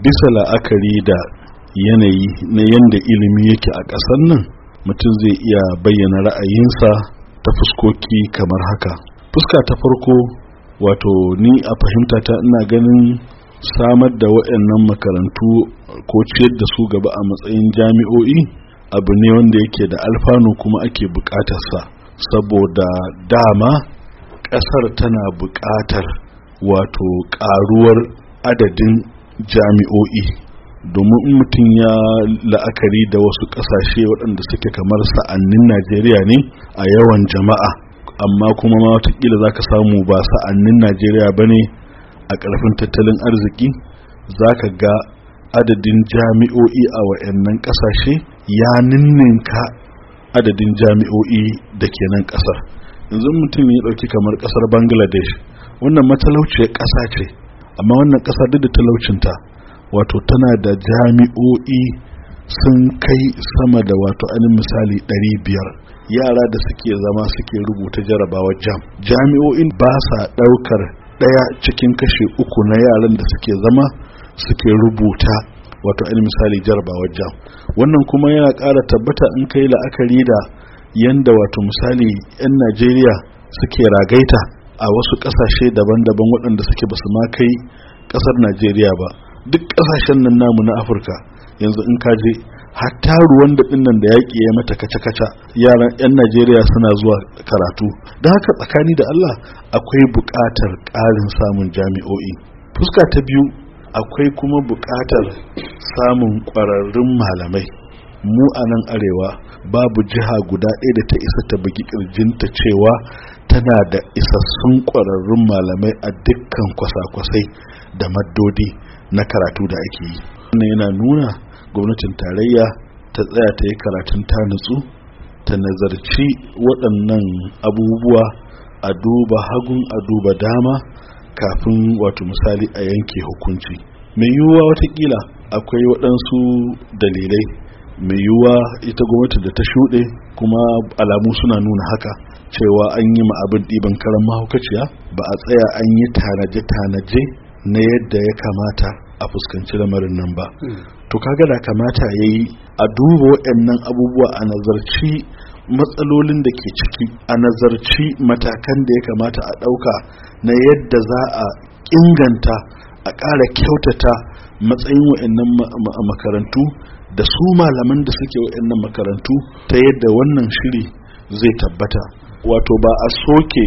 bisa la'akari da yanayi na yanda ilimi yake a ƙasar nan mutum zai iya bayyana ra'ayinsa ta fuskoki kamar haka fuska ta farko wato ni a fahimta ta ina ganin samar da waɗannan makarantu ko ciyar da su gaba a matsayin jami'o'i abu ne wanda yake da alfanu kuma ake buƙatarsa saboda dama ƙasar tana buƙatar wato ƙaruwar adadin jami'o'i domin mutum ya la'akari da wasu ƙasashe waɗanda suke kamar sa'annin najeriya ne a yawan jama'a amma kuma ma watakila za ka samu ba sa'annin najeriya ba ne a ƙarfin tattalin arziki za ka ga adadin jami'o'i a wa'annan ƙasashe ya ninninka adadin jami'o'i da ke nan ƙasar yanzu mutum ya ɗauki kamar ƙasar bangladesh wannan matalauciyar ƙasa ce amma wannan ƙasa duk da talaucinta wato tana da jami'o'i sun kai sama da wato ainihin misali 500 yara da suke zama suke rubuta jarabawar jam jami'o'in ba sa ɗaukar ɗaya cikin kashe uku na yaran da suke zama suke rubuta wato ainihin misali jarabawar jam wannan kuma yana ƙara tabbata in kai la'akari da yanda wato misali 'yan najeriya suke ragaita a wasu kasashe daban-daban waɗanda suke basu ma kai ƙasar najeriya ba duk ƙasashen nan namu na afirka yanzu in ka je hatta ruwan da dinnan da yaƙi ya mata kaca-kaca yaran 'yan najeriya suna zuwa karatu don haka tsakani da allah akwai buƙatar ƙarin samun jami'o'i fuska ta biyu akwai kuma buƙatar samun ƙwararrun malamai mu a nan arewa babu jiha guda ɗaya da ta isa ta bugi ƙirjinta cewa tana da isassun ƙwararrun malamai a dukkan kwasa-kwasai da maddodi na karatu da ake yi wannan yana nuna gwamnatin tarayya ta tsaya ta yi karatun ta nutsu ta nazarci waɗannan abubuwa a duba hagun a duba dama kafin wato misali a yanke hukunci mai yiwuwa watakila akwai waɗansu dalilai mai yiwuwa ita gwamnati da ta shuɗe kuma alamu suna nuna haka cewa an yi ma abin ɗiban karan mahaukaciya ba a tsaya an yi tanaje-tanaje na yadda ya kamata a fuskanci lamarin nan ba hmm. to kaga da kamata ya yi a duba waɗannan abubuwa a nazarci matsalolin da ke ciki a nazarci matakan da ya kamata a ɗauka na yadda za a inganta a ƙara kyautata matsayin wa'annan makarantu da su malaman da suke wa'annan makarantu ta yadda wannan shiri zai tabbata wato ba a soke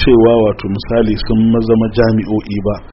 cewa wato misali sun mazama jami'o'i ba